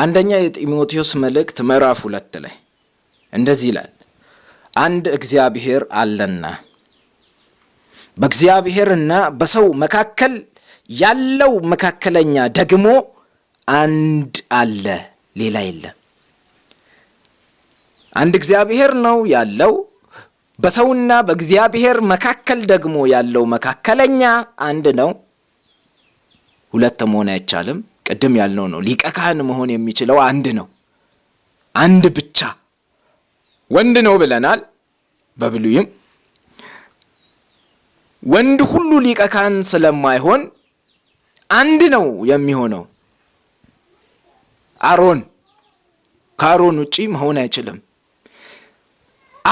አንደኛ የጢሞቴዎስ መልእክት ምዕራፍ ሁለት ላይ እንደዚህ ይላል፣ አንድ እግዚአብሔር አለና በእግዚአብሔርና በሰው መካከል ያለው መካከለኛ ደግሞ አንድ አለ፣ ሌላ የለም። አንድ እግዚአብሔር ነው ያለው። በሰውና በእግዚአብሔር መካከል ደግሞ ያለው መካከለኛ አንድ ነው፣ ሁለት መሆን አይቻልም። ቅድም ያልነው ነው። ሊቀ ካህን መሆን የሚችለው አንድ ነው፣ አንድ ብቻ ወንድ ነው ብለናል። በብሉይም ወንድ ሁሉ ሊቀ ካህን ስለማይሆን አንድ ነው የሚሆነው። አሮን ከአሮን ውጪ መሆን አይችልም።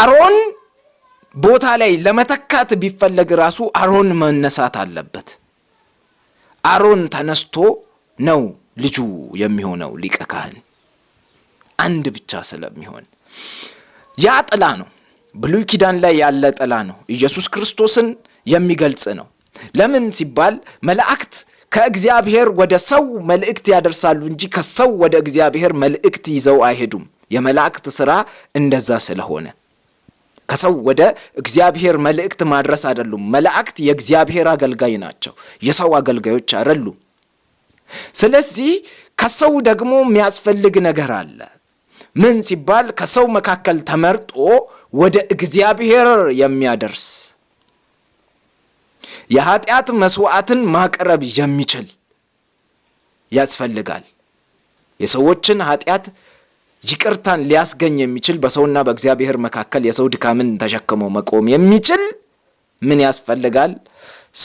አሮን ቦታ ላይ ለመተካት ቢፈለግ ራሱ አሮን መነሳት አለበት። አሮን ተነስቶ ነው ልጁ የሚሆነው ሊቀ ካህን አንድ ብቻ ስለሚሆን ያ ጥላ ነው። ብሉይ ኪዳን ላይ ያለ ጥላ ነው። ኢየሱስ ክርስቶስን የሚገልጽ ነው። ለምን ሲባል መላእክት ከእግዚአብሔር ወደ ሰው መልእክት ያደርሳሉ እንጂ ከሰው ወደ እግዚአብሔር መልእክት ይዘው አይሄዱም። የመላእክት ሥራ እንደዛ ስለሆነ ከሰው ወደ እግዚአብሔር መልእክት ማድረስ አይደሉም። መላእክት የእግዚአብሔር አገልጋይ ናቸው፣ የሰው አገልጋዮች አይደሉም። ስለዚህ ከሰው ደግሞ የሚያስፈልግ ነገር አለ። ምን ሲባል ከሰው መካከል ተመርጦ ወደ እግዚአብሔር የሚያደርስ የኃጢአት መስዋዕትን ማቅረብ የሚችል ያስፈልጋል። የሰዎችን ኃጢአት ይቅርታን ሊያስገኝ የሚችል በሰውና በእግዚአብሔር መካከል የሰው ድካምን ተሸክሞ መቆም የሚችል ምን ያስፈልጋል?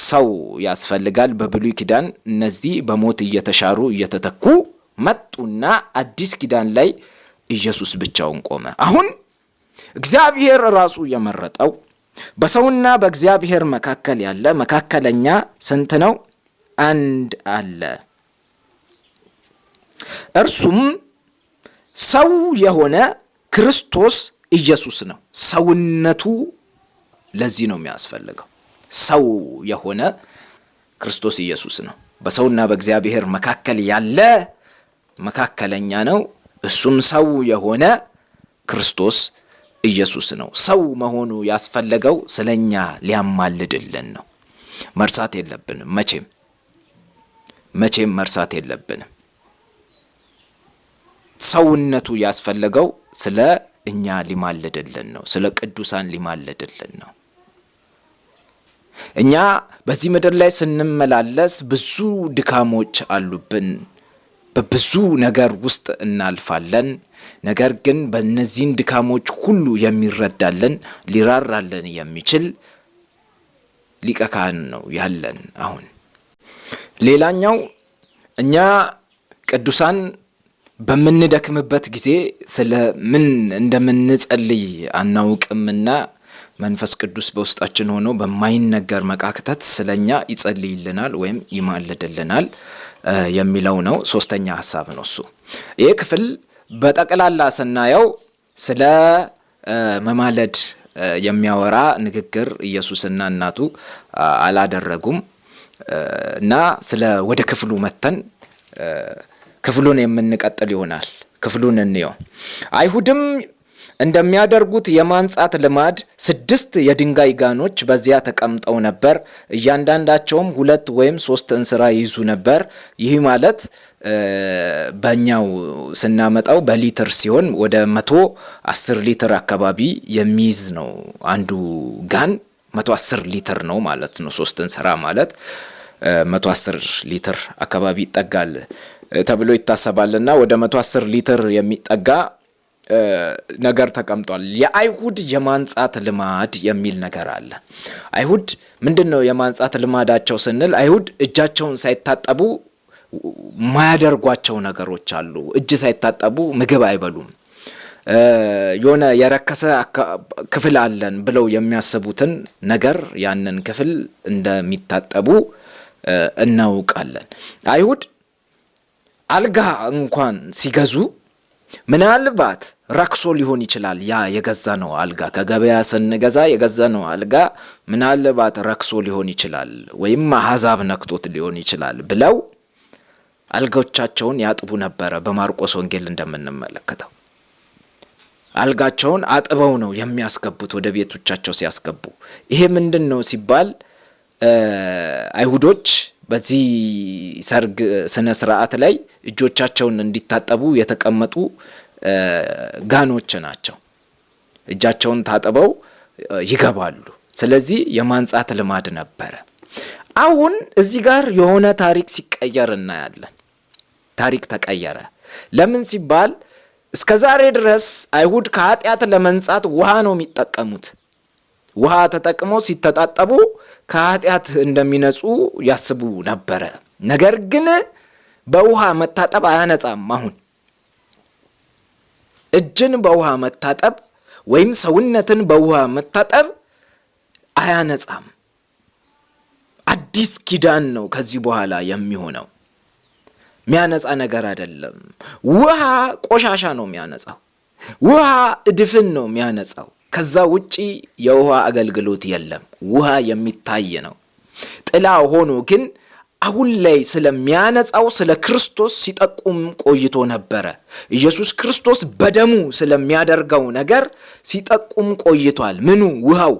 ሰው ያስፈልጋል። በብሉይ ኪዳን እነዚህ በሞት እየተሻሩ እየተተኩ መጡና አዲስ ኪዳን ላይ ኢየሱስ ብቻውን ቆመ። አሁን እግዚአብሔር ራሱ የመረጠው በሰውና በእግዚአብሔር መካከል ያለ መካከለኛ ስንት ነው? አንድ አለ። እርሱም ሰው የሆነ ክርስቶስ ኢየሱስ ነው። ሰውነቱ ለዚህ ነው የሚያስፈልገው። ሰው የሆነ ክርስቶስ ኢየሱስ ነው። በሰውና በእግዚአብሔር መካከል ያለ መካከለኛ ነው። እሱም ሰው የሆነ ክርስቶስ ኢየሱስ ነው። ሰው መሆኑ ያስፈለገው ስለኛ ሊያማልድልን ነው። መርሳት የለብንም መቼም መቼም መርሳት የለብንም። ሰውነቱ ያስፈለገው ስለ እኛ ሊማልድልን ነው። ስለ ቅዱሳን ሊማልድልን ነው። እኛ በዚህ ምድር ላይ ስንመላለስ ብዙ ድካሞች አሉብን። በብዙ ነገር ውስጥ እናልፋለን። ነገር ግን በእነዚህን ድካሞች ሁሉ የሚረዳልን ሊራራልን የሚችል ሊቀ ካህን ነው ያለን። አሁን ሌላኛው እኛ ቅዱሳን በምንደክምበት ጊዜ ስለምን እንደምንጸልይ አናውቅምና መንፈስ ቅዱስ በውስጣችን ሆኖ በማይነገር መቃክተት ስለኛ ይጸልይልናል ወይም ይማልድልናል የሚለው ነው። ሶስተኛ ሀሳብ ነው እሱ። ይህ ክፍል በጠቅላላ ስናየው ስለ መማለድ የሚያወራ ንግግር ኢየሱስና እናቱ አላደረጉም እና ስለ ወደ ክፍሉ መተን ክፍሉን የምንቀጥል ይሆናል። ክፍሉን እንየው። አይሁድም እንደሚያደርጉት የማንጻት ልማድ ስድስት የድንጋይ ጋኖች በዚያ ተቀምጠው ነበር። እያንዳንዳቸውም ሁለት ወይም ሶስት እንስራ ይይዙ ነበር። ይህ ማለት በእኛው ስናመጣው በሊትር ሲሆን ወደ መቶ አስር ሊትር አካባቢ የሚይዝ ነው። አንዱ ጋን መቶ አስር ሊትር ነው ማለት ነው። ሶስት እንስራ ማለት መቶ አስር ሊትር አካባቢ ይጠጋል ተብሎ ይታሰባልና ወደ መቶ አስር ሊትር የሚጠጋ ነገር ተቀምጧል። የአይሁድ የማንጻት ልማድ የሚል ነገር አለ። አይሁድ ምንድን ነው የማንጻት ልማዳቸው ስንል አይሁድ እጃቸውን ሳይታጠቡ ማያደርጓቸው ነገሮች አሉ። እጅ ሳይታጠቡ ምግብ አይበሉም። የሆነ የረከሰ ክፍል አለን ብለው የሚያስቡትን ነገር ያንን ክፍል እንደሚታጠቡ እናውቃለን። አይሁድ አልጋ እንኳን ሲገዙ ምናልባት ረክሶ ሊሆን ይችላል። ያ የገዛ ነው አልጋ ከገበያ ስንገዛ የገዛ ነው አልጋ ምናልባት ረክሶ ሊሆን ይችላል፣ ወይም አሕዛብ ነክቶት ሊሆን ይችላል ብለው አልጋዎቻቸውን ያጥቡ ነበረ። በማርቆስ ወንጌል እንደምንመለከተው አልጋቸውን አጥበው ነው የሚያስገቡት ወደ ቤቶቻቸው ሲያስገቡ። ይሄ ምንድን ነው ሲባል አይሁዶች በዚህ ሰርግ ስነ ስርዓት ላይ እጆቻቸውን እንዲታጠቡ የተቀመጡ ጋኖች ናቸው። እጃቸውን ታጥበው ይገባሉ። ስለዚህ የማንጻት ልማድ ነበረ። አሁን እዚህ ጋር የሆነ ታሪክ ሲቀየር እናያለን። ታሪክ ተቀየረ። ለምን ሲባል እስከ ዛሬ ድረስ አይሁድ ከኃጢአት ለመንጻት ውሃ ነው የሚጠቀሙት። ውሃ ተጠቅሞ ሲተጣጠቡ ከኃጢአት እንደሚነጹ ያስቡ ነበረ። ነገር ግን በውሃ መታጠብ አያነጻም። አሁን እጅን በውሃ መታጠብ ወይም ሰውነትን በውሃ መታጠብ አያነጻም። አዲስ ኪዳን ነው ከዚህ በኋላ የሚሆነው። የሚያነጻ ነገር አይደለም። ውሃ ቆሻሻ ነው የሚያነጻው። ውሃ እድፍን ነው የሚያነጻው። ከዛ ውጪ የውሃ አገልግሎት የለም። ውሃ የሚታይ ነው። ጥላ ሆኖ ግን አሁን ላይ ስለሚያነጻው ስለ ክርስቶስ ሲጠቁም ቆይቶ ነበረ። ኢየሱስ ክርስቶስ በደሙ ስለሚያደርገው ነገር ሲጠቁም ቆይቷል። ምኑ? ውሃው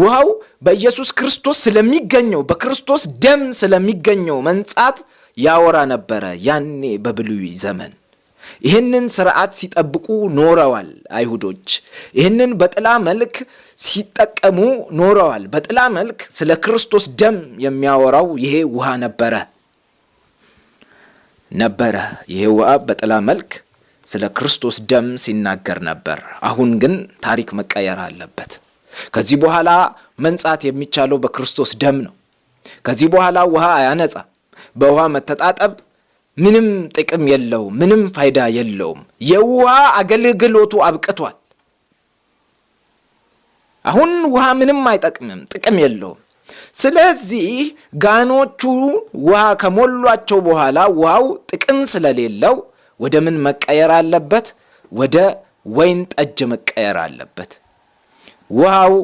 ውሃው በኢየሱስ ክርስቶስ ስለሚገኘው በክርስቶስ ደም ስለሚገኘው መንጻት ያወራ ነበረ ያኔ በብሉይ ዘመን። ይህንን ስርዓት ሲጠብቁ ኖረዋል። አይሁዶች ይህንን በጥላ መልክ ሲጠቀሙ ኖረዋል። በጥላ መልክ ስለ ክርስቶስ ደም የሚያወራው ይሄ ውሃ ነበረ ነበረ ይሄ ውሃ በጥላ መልክ ስለ ክርስቶስ ደም ሲናገር ነበር። አሁን ግን ታሪክ መቀየር አለበት። ከዚህ በኋላ መንጻት የሚቻለው በክርስቶስ ደም ነው። ከዚህ በኋላ ውሃ አያነጻ። በውሃ መተጣጠብ ምንም ጥቅም የለውም፣ ምንም ፋይዳ የለውም። የውሃ አገልግሎቱ አብቅቷል። አሁን ውሃ ምንም አይጠቅምም፣ ጥቅም የለውም። ስለዚህ ጋኖቹ ውሃ ከሞሏቸው በኋላ ውሃው ጥቅም ስለሌለው ወደ ምን መቀየር አለበት? ወደ ወይን ጠጅ መቀየር አለበት። ውሃው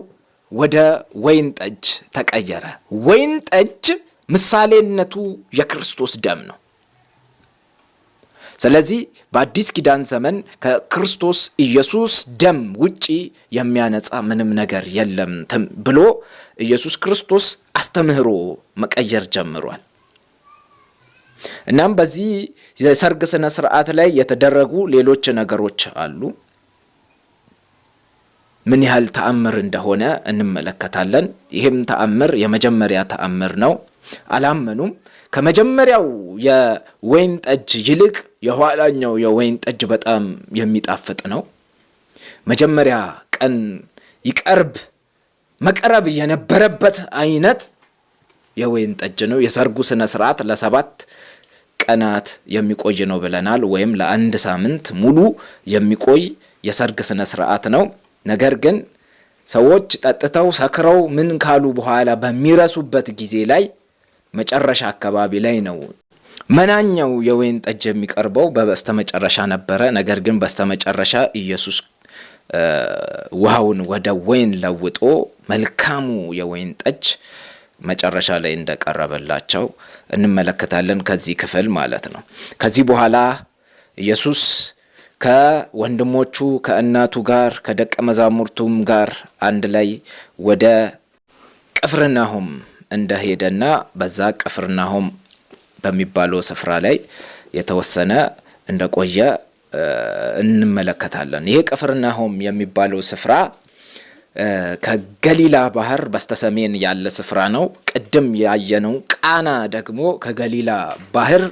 ወደ ወይን ጠጅ ተቀየረ። ወይን ጠጅ ምሳሌነቱ የክርስቶስ ደም ነው። ስለዚህ በአዲስ ኪዳን ዘመን ከክርስቶስ ኢየሱስ ደም ውጪ የሚያነጻ ምንም ነገር የለም ብሎ ኢየሱስ ክርስቶስ አስተምህሮ መቀየር ጀምሯል። እናም በዚህ የሰርግ ስነ ስርዓት ላይ የተደረጉ ሌሎች ነገሮች አሉ። ምን ያህል ተአምር እንደሆነ እንመለከታለን። ይህም ተአምር የመጀመሪያ ተአምር ነው። አላመኑም። ከመጀመሪያው የወይን ጠጅ ይልቅ የኋላኛው የወይን ጠጅ በጣም የሚጣፍጥ ነው። መጀመሪያ ቀን ይቀርብ መቀረብ የነበረበት አይነት የወይን ጠጅ ነው። የሰርጉ ስነ ስርዓት ለሰባት ቀናት የሚቆይ ነው ብለናል። ወይም ለአንድ ሳምንት ሙሉ የሚቆይ የሰርግ ስነ ስርዓት ነው። ነገር ግን ሰዎች ጠጥተው ሰክረው ምን ካሉ በኋላ በሚረሱበት ጊዜ ላይ መጨረሻ አካባቢ ላይ ነው መናኛው የወይን ጠጅ የሚቀርበው በበስተ መጨረሻ ነበረ። ነገር ግን በስተ መጨረሻ ኢየሱስ ውሃውን ወደ ወይን ለውጦ መልካሙ የወይን ጠጅ መጨረሻ ላይ እንደቀረበላቸው እንመለከታለን ከዚህ ክፍል ማለት ነው። ከዚህ በኋላ ኢየሱስ ከወንድሞቹ ከእናቱ ጋር ከደቀ መዛሙርቱም ጋር አንድ ላይ ወደ ቅፍርናሆም እንደሄደና በዛ ቅፍርናሆም በሚባለው ስፍራ ላይ የተወሰነ እንደቆየ እንመለከታለን። ይሄ ቅፍርናሆም የሚባለው ስፍራ ከገሊላ ባህር በስተሰሜን ያለ ስፍራ ነው። ቅድም ያየነው ቃና ደግሞ ከገሊላ ባህር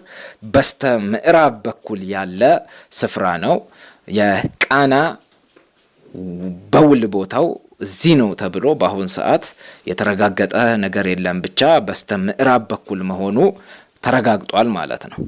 በስተ ምዕራብ በኩል ያለ ስፍራ ነው። የቃና በውል ቦታው እዚህ ነው ተብሎ በአሁን ሰዓት የተረጋገጠ ነገር የለም። ብቻ በስተ ምዕራብ በኩል መሆኑ ተረጋግጧል ማለት ነው።